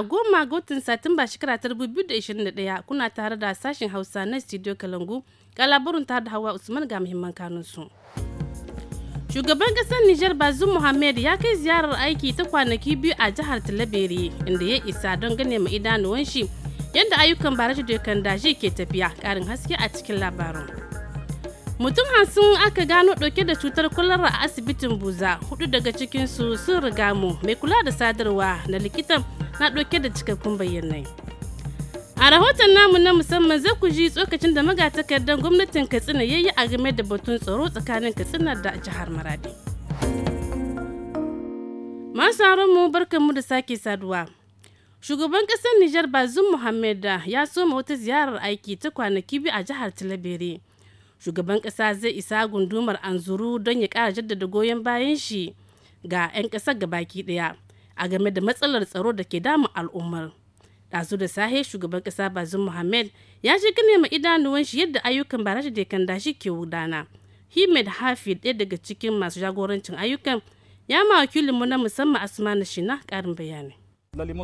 a goma ga watan satumba shekara ta ɗaya kuna tare da sashen hausa na studio kalangu ga labarin tare da hawa usman ga muhimman kanunsu shugaban kasar nijar bazum muhammed ya kai ziyarar aiki ta kwanaki biyu a jihar talabere inda ya isa don gane ma idanuwan shi yadda ayyukan barashi da kan daji ke tafiya karin haske a cikin labarin mutum hamsin aka gano ɗauke da cutar kwalara a asibitin buza hudu daga cikinsu sun riga mu mai kula da sadarwa na likitan na ɗauke da cikakkun bayanai a rahoton namu na musamman zai ku ji tsokacin da magatakardar gwamnatin katsina ya yi a game da batun tsaro tsakanin katsina da jihar maradi masu mu barkanmu da sake saduwa shugaban ƙasar nijar bazum muhammed ya soma wata ziyarar aiki ta kwanaki biyu a jihar talabere shugaban kasa zai isa gundumar anzuru don ya kara jaddada goyon bayan shi ga 'yan kasar baki daya a game da matsalar tsaro da ke damun al'ummar ɗazu da sahe shugaban kasa bazin muhammed ya ji gane ma idanuwan shi yadda ayyukan ba da shi ke gudana himed hafi ɗaya daga cikin masu jagorancin ayyukan ya ma wakilinmu na musamman asma na shina ƙarin bayani de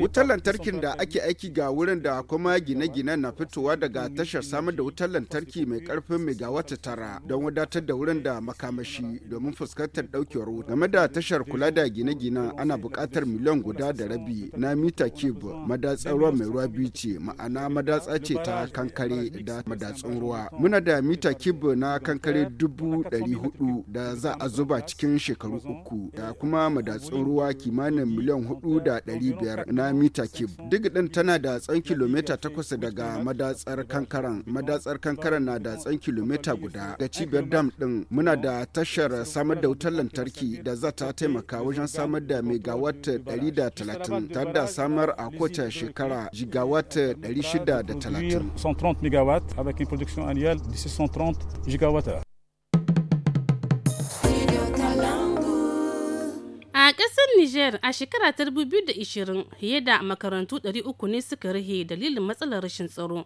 Wutar lantarkin da ake aiki ga wurin da kuma gine-ginen na fitowa daga tashar samar da wutar lantarki mai karfin megawata tara don wadatar da wurin da makamashi domin fuskantar daukewar wuta. Game da tashar kula da gine-ginen ana buƙatar miliyan guda da rabi na mita cube madatsar ruwa mai ruwa biyu ce ma'ana madatsa ce ta kankare da madatsun ruwa. Muna da mita cube na kankare dubu ɗari hudu da za a zuba cikin shekaru uku kuma madatsun ruwa kimanin miliyan hudu da ɗari biyar na mita kib. Digiɗin tana da tsan kilomita takwas daga madatsar kankaran. Madatsar kankaran na da tsan kilomita guda. Ga cibiyar dam ɗin muna da tashar samar da wutar lantarki da za ta taimaka wajen samar da megawatt 130 tare da samar a kowace shekara gigawatt 630. 130 MW avec une production annuelle de 630 GWh. A ƙasar Nijar a shekara ta 2020 fiye da makarantu 300 ne suka rahe dalilin matsalar rashin tsaro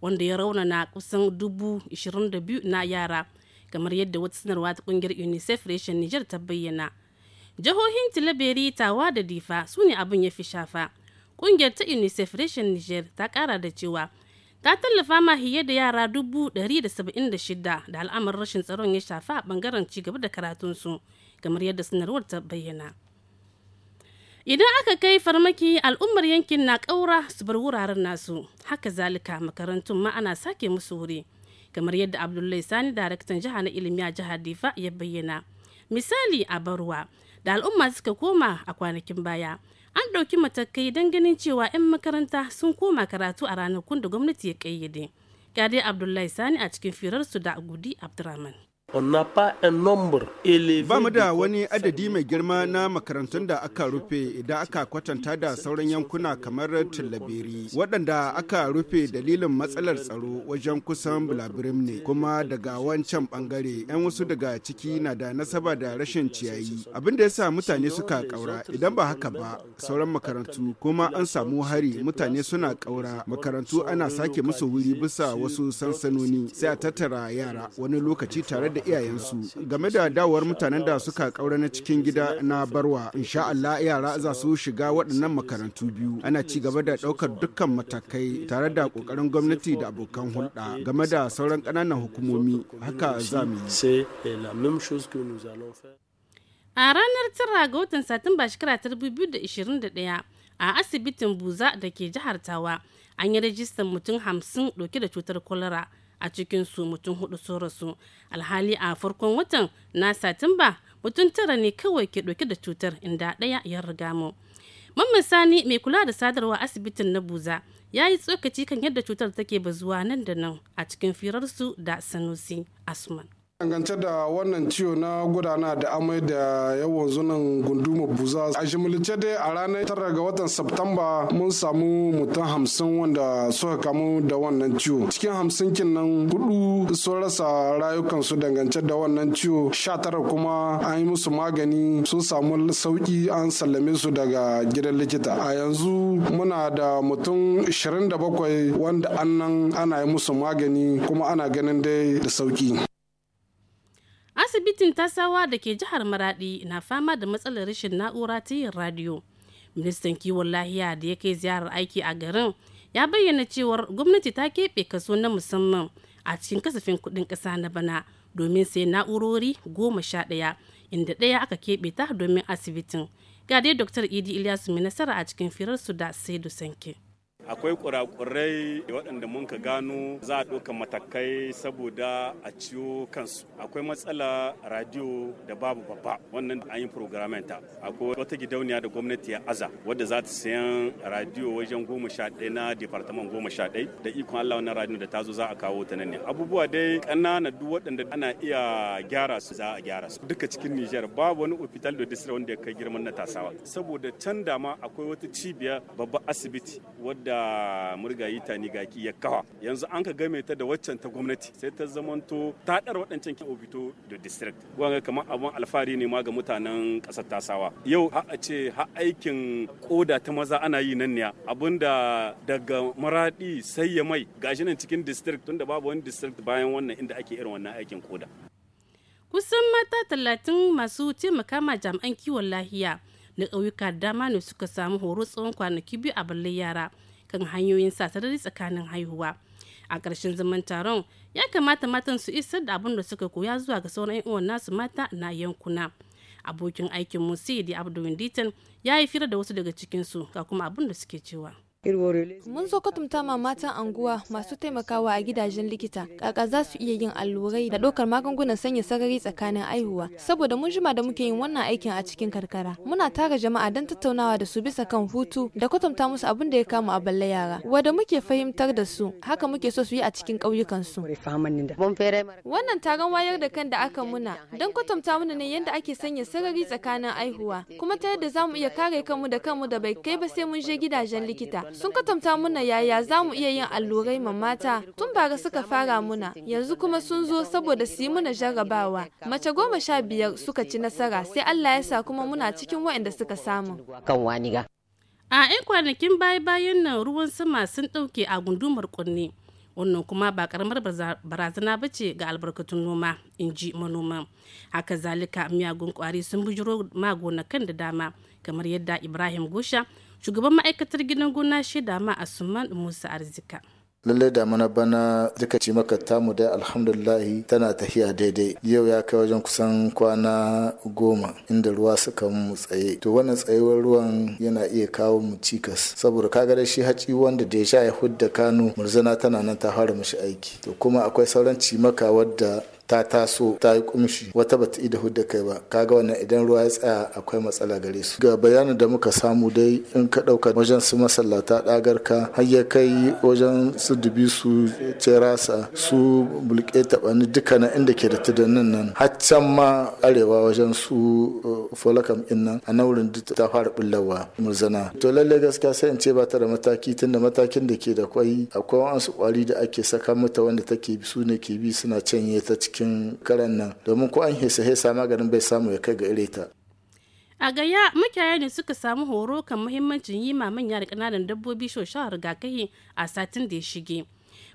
wanda ya raunana kusan 22,000 na yara kamar yadda wata sanarwa ta kungiyar UNICEF reshen Nijar ta bayyana. Jihohin Tilaberi, Tawa da Difa su ne abin ya fi shafa. Kungiyar ta UNICEF reshen Nijar ta kara da cewa ta tallafa ma fiye da yara 176 da al'amar rashin tsaron ya shafa a bangaren cigaba da karatunsu. kamar yadda sanarwar ta bayyana. idan aka kai farmaki al'ummar yankin na ƙaura su bar wuraren nasu haka zalika makarantun ma ana sake musu wuri kamar yadda abdullahi sani daraktan jiha na ilimi a jihar difa ya bayyana misali a barwa da al'umma suka koma a kwanakin baya an ɗauki matakai don ganin cewa 'yan makaranta sun koma karatu a ranakun da gwamnati ya ƙayyade. Kyade Abdullahi Sani a cikin firarsu da Gudi Abdurrahman. bamu da wani adadi mai girma na makarantun da aka rufe idan aka kwatanta da sauran yankuna kamar Tullaberi, waɗanda aka rufe dalilin matsalar tsaro wajen kusan bulabirim ne, kuma daga wancan ɓangare 'yan wasu daga ciki na da nasaba da rashin ciyayi. Abin da ya sa mutane suka ƙaura, idan ba haka ba sauran makarantu kuma an samu hari mutane suna ƙaura, makarantu ana sake musu wuri bisa wasu sansanoni sai a tattara yara wani lokaci tare da iyayensu game da dawowar mutanen da suka kaura na cikin gida na barwa insha Allah yara za su shiga waɗannan makarantu biyu ana ci gaba da ɗaukar dukkan matakai tare da ƙoƙarin gwamnati da abokan hulɗa game da sauran ƙananan hukumomi haka za mu a ranar tara ga watan satumba shekara ta 2021 a asibitin buza da ke jihar tawa an yi rajistan mutum hamsin ɗauke da cutar kwalara a cikin su mutum hudu sun rasu alhali a farkon watan na satumba mutum tara ne kawai ke dauke da cutar inda daya ya riga mu mamman sani mai kula da sadarwa asibitin na buza ya yi tsokaci kan yadda cutar take bazuwa nan da nan a cikin firarsu da sanusi asman dangance da wannan ciwo na gudana da amai da yawan zunan gunduma buza a jimilice dai a ranar tara ga watan Septamba mun samu mutum hamsin wanda suka kamu da wannan ciwo cikin hamsin kin nan hudu sun rasa rayukansu dangance da wannan ciwo sha tara kuma an yi musu magani sun samu sauki an sallame su daga gidan likita a yanzu muna da mutum 27 wanda annan ana yi musu magani kuma ana ganin dai da sauki asibitin tasawa da ke jihar maradi na fama da matsalar rashin na'ura ta yin radiyo ministan kiwon lahiya da ya kai ziyarar aiki a garin ya bayyana cewar gwamnati ta keɓe kaso na musamman a cikin kasafin kuɗin ƙasa na bana domin sai na'urori goma sha ɗaya inda ɗaya aka keɓe ta domin asibitin ga dai dr idi ilyasu mai nasara a cikin firarsu da saidu sanke akwai kurakurai waɗanda mun ka gano za a ɗauka matakai saboda a ciwo kansu akwai matsala radio da babu babba wannan an yi programmenta akwai wata gidauniya da gwamnati ya aza wadda za ta sayan radio wajen goma sha ɗaya na departaman goma sha ɗaya da ikon allah wannan radio da ta zo za a kawo ta nan ne abubuwa dai ƙanana duk waɗanda ana iya gyara su za a gyara su duka cikin nijar babu wani ofital da disra wanda ya kai girman na tasawa saboda can dama akwai wata cibiya babba asibiti wadda da murgayi gaki ya kawa yanzu an ka game ta da waccan ta gwamnati sai ta zamanto ta dar waɗancan obito da district wanga kamar abun alfahari ne ma ga mutanen ƙasar tasawa yau har a ce har aikin koda ta maza ana yi nan ne abinda daga maradi sai ya mai gashi nan cikin district tunda babu wani district bayan wannan inda ake irin wannan aikin koda kusan mata talatin masu taimaka ma jami'an kiwon lahiya na ƙauyuka dama ne suka samu horo tsawon kwanaki biyu a balle yara kan hanyoyin sa sarari tsakanin haihuwa a ƙarshen zaman taron ya kamata matan su isar da abin da suka koya zuwa ga sauran uwan nasu mata na yankuna abokin aikin musidi sidi abdul ya yi fira da wasu daga cikinsu ga kuma abin da suke cewa Mun zo kwatanta ma matan anguwa masu taimakawa a gidajen likita kaka za su iya yin allurai da ɗaukar magungunan sanya sarari tsakanin aihuwa saboda mun jima da muke yin wannan aikin a cikin karkara. Muna tara jama'a don tattaunawa da su bisa kan hutu da kwatanta musu abin da ya kama a balle yara. Wanda muke fahimtar da su haka muke so su yi a cikin ƙauyukan su. Wannan taron wayar da kan da aka muna don kwatanta mana ne yadda ake sanya sarari tsakanin aihuwa kuma ta yadda za mu iya kare kanmu da kanmu da bai kai ba sai mun je gidajen likita. sun katamta muna yaya za mu iya yin allurai ma mata tun bara suka fara muna yanzu kuma sun zo saboda su yi muna jarrabawa mace goma sha biyar suka ci nasara sai Allah ya sa kuma muna cikin waɗanda suka samu. A 'yan kwanakin baya-bayan nan ruwan sama sun ɗauke a gundumar kunne. wannan kuma ba karamar barazana ba ce ga albarkatun noma in ji manoman haka zalika miyagun kwari sun bujiro magonakan da dama kamar yadda ibrahim gusha shugaban ma'aikatar gidan gona shida ma asuman musa arzika lallai da mana bana duka ci maka tamu dai alhamdulillahi tana tafiya daidai yau ya kai wajen kusan kwana goma inda ruwa suka mu tsaye to wannan tsayuwar ruwan yana iya kawo mu cikas saboda kaga da shi haci wanda da ya sha ya hudda kano murzana tana nan ta fara mishi aiki to kuma akwai sauran cimaka wadda ta taso ta yi kumshi wata bata ida hudda kai ba kaga wannan idan ruwa ya tsaya akwai matsala gare su ga bayanin da muka samu dai in ka dauka wajen su masallata dagar ka har ya kai wajen su dubi su cerasa su bulke tabani duka na inda ke da tudannin nan haccan ma arewa wajen su uh, folakam din nan a naurin ta fara bullawa murzana to lalle gaskiya sai in ce ba ta da mataki tunda matakin da ke da kwai akwai wasu kwari da ake saka mata wanda take su ne ke bi suna canye ta ciki cikin karan nan domin ko an hesa hesa maganin bai samu ya kai ga ta. a gaya makiyaye ne suka samu horo kan muhimmancin yi ma manya da kananan dabbobi shoshawar rigakafi a satin da ya shige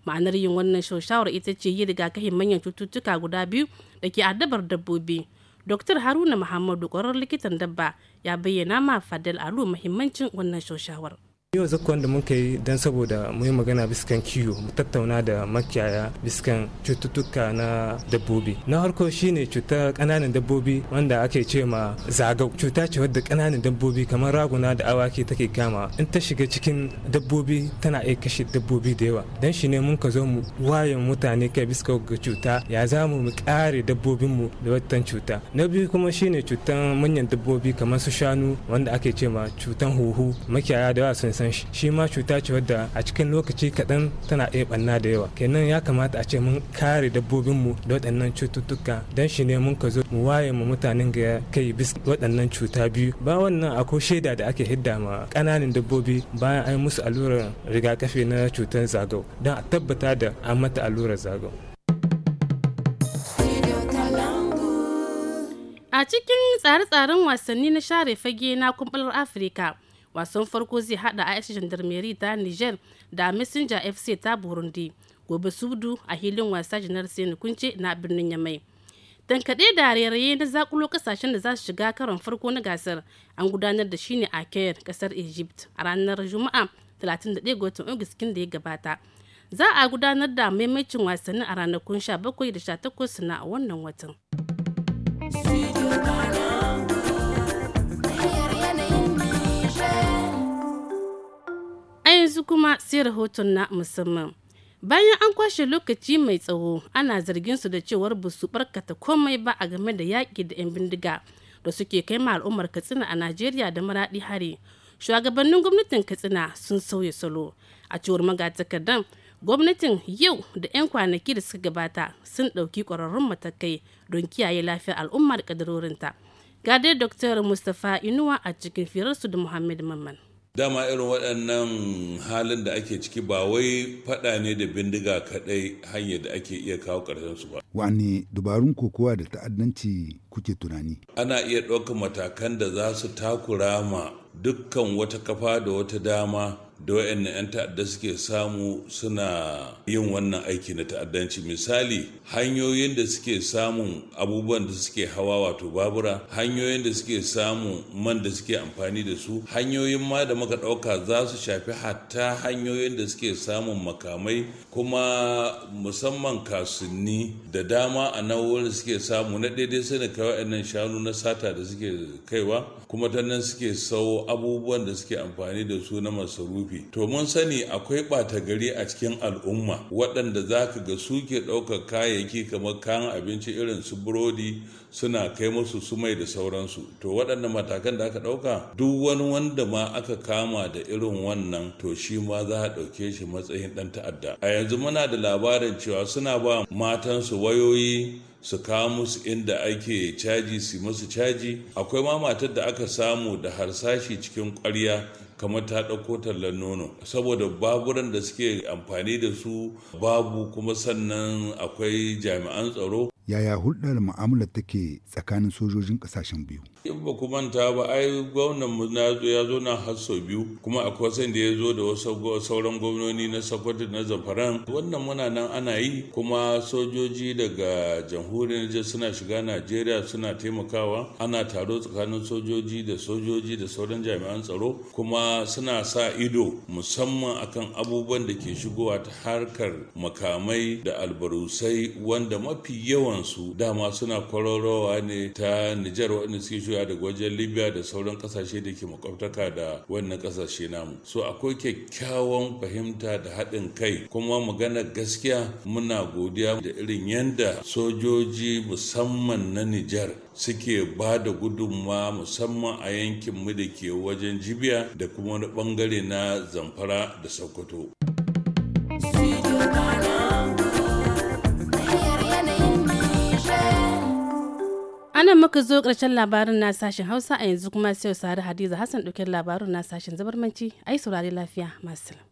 ma'anar yin wannan shoshawar ita ce yi rigakafin manyan cututtuka guda biyu da ke addabar dabbobi Dr. Haruna Muhammadu kwarar likitan dabba ya bayyana ma fadal Alu muhimmancin wannan shoshawar. yau zakon da muka yi don saboda mu yi magana biskan kiwo mu tattauna da makiyaya biskan cututtuka na dabbobi na harko shine cutar kananan dabbobi wanda ake ce ma zagau cuta ce wadda kananan dabbobi kamar raguna da awaki take kama in ta shiga cikin dabbobi tana iya kashe dabbobi da yawa don shi ne mun ka zo mu waye mutane kai biska ga cuta ya za mu mu kare dabbobin mu da wannan cuta na biyu kuma shine cutan manyan dabbobi kamar su shanu wanda ake ce ma cutan huhu makiyaya da yawa sun san shi ma cuta ce wadda a cikin lokaci kaɗan tana iya ɓanna da yawa kenan ya kamata a ce mun kare dabbobinmu da waɗannan cututtuka don shi ne mun ka zo mu waye mu mutanen ga kai bis waɗannan cuta biyu ba wannan akwai shaida da ake hidda ma ƙananan dabbobi bayan an musu allurar rigakafi na cutar zagau don a tabbata da an mata allurar zagau A cikin tsare-tsaren wasanni na share fage na kumbular Afirka, wasan farko zai hada aisha gendarmerie ta niger da messenger fc ta burundi gobe subdu a hilin wasa janar sai kunce na birnin yamai dankaɗe da rairaye na zakulo kasashen da za su shiga karon farko na gasar an gudanar da shi ne a kayar kasar egypt a ranar juma'a 31 ga watan augustin da ya gabata za a gudanar da maimacin wasannin a ranakun 17 da 18 na wannan watan. yanzu kuma sai rahoton na musamman bayan an kwashe lokaci mai tsawo ana zargin su da cewar ba su barkata komai ba a game da yaƙi da 'yan bindiga da suke kai ma al'ummar katsina a najeriya da maraɗi hari shugabannin gwamnatin katsina sun sauya salo a cewar magatakardan gwamnatin yau da 'yan kwanaki da suka gabata sun ɗauki ƙwararrun matakai don kiyaye lafiyar al'ummar da ga dai dr mustapha inuwa a cikin firarsu da muhammad mamman dama irin waɗannan halin da ake ciki ba wai faɗa ne da bindiga kaɗai hanya da ake iya kawo su ba. Wani dubarun kokowa da ta'addanci kuke tunani? Ana iya ɗaukar matakan da za su takura ma dukkan wata kafa da wata dama da wayannan 'yan ta'adda suke samu suna yin wannan aiki na ta'addanci misali hanyoyin da suke samun abubuwan da suke hawa wato babura hanyoyin da suke samun man da suke amfani da su hanyoyin ma da muka ɗauka za su shafi hatta hanyoyin da suke samun makamai kuma musamman kasunni da dama a nan da suke samu na daidai sai kai wayannan shanu na sata da suke kaiwa kuma ta nan suke sau abubuwan da suke amfani da su na masarufi rufe to mun sani akwai ɓata gari a cikin al'umma waɗanda za ka ga suke ɗaukar kayayyaki kamar kayan abinci irin su burodi suna kai musu su mai da sauransu to waɗanda matakan da aka ɗauka duk wani wanda ma aka kama da irin wannan to shi ma za a ɗauke shi matsayin ɗan ta'adda a yanzu muna da labarin cewa suna ba matansu wayoyi su kawo musu inda ake caji su musu caji akwai ma matar da aka samu da harsashi cikin kwarya? kamar ta ɗauko tallan nono saboda baburan da suke amfani da su babu kuma sannan akwai jami'an tsaro yaya hulɗar mu'amala take tsakanin sojojin ƙasashen biyu in ba ku manta ba ai gwamnan mu ya zo na har sau biyu kuma akwai wasu da ya zo da wasu sauran gwamnoni na sokoto na zafaran wannan muna nan ana yi kuma sojoji daga jamhuriyar nijar suna shiga najeriya suna taimakawa ana taro tsakanin sojoji da sojoji da sauran jami'an tsaro kuma suna sa ido musamman akan abubuwan da ke shigowa ta harkar makamai da albarusai wanda mafi yawansu dama suna kwararowa ne ta nijar waɗanda suke juya daga wajen libya da sauran kasashe da ke makwabtaka da wannan kasashe namu so akwai kyakkyawan fahimta da haɗin kai kuma magana gaskiya muna godiya da irin yadda sojoji musamman na nijar suke ba da gudunma musamman a yankin mu da ke wajen jibiya da kuma wani bangare na zamfara da sokoto. nan muka zo karshen labarin na sashen hausa a yanzu kuma sai sari hadiza hassan ɗauke labarin na sashen zabarmanci ai saurari lafiya masu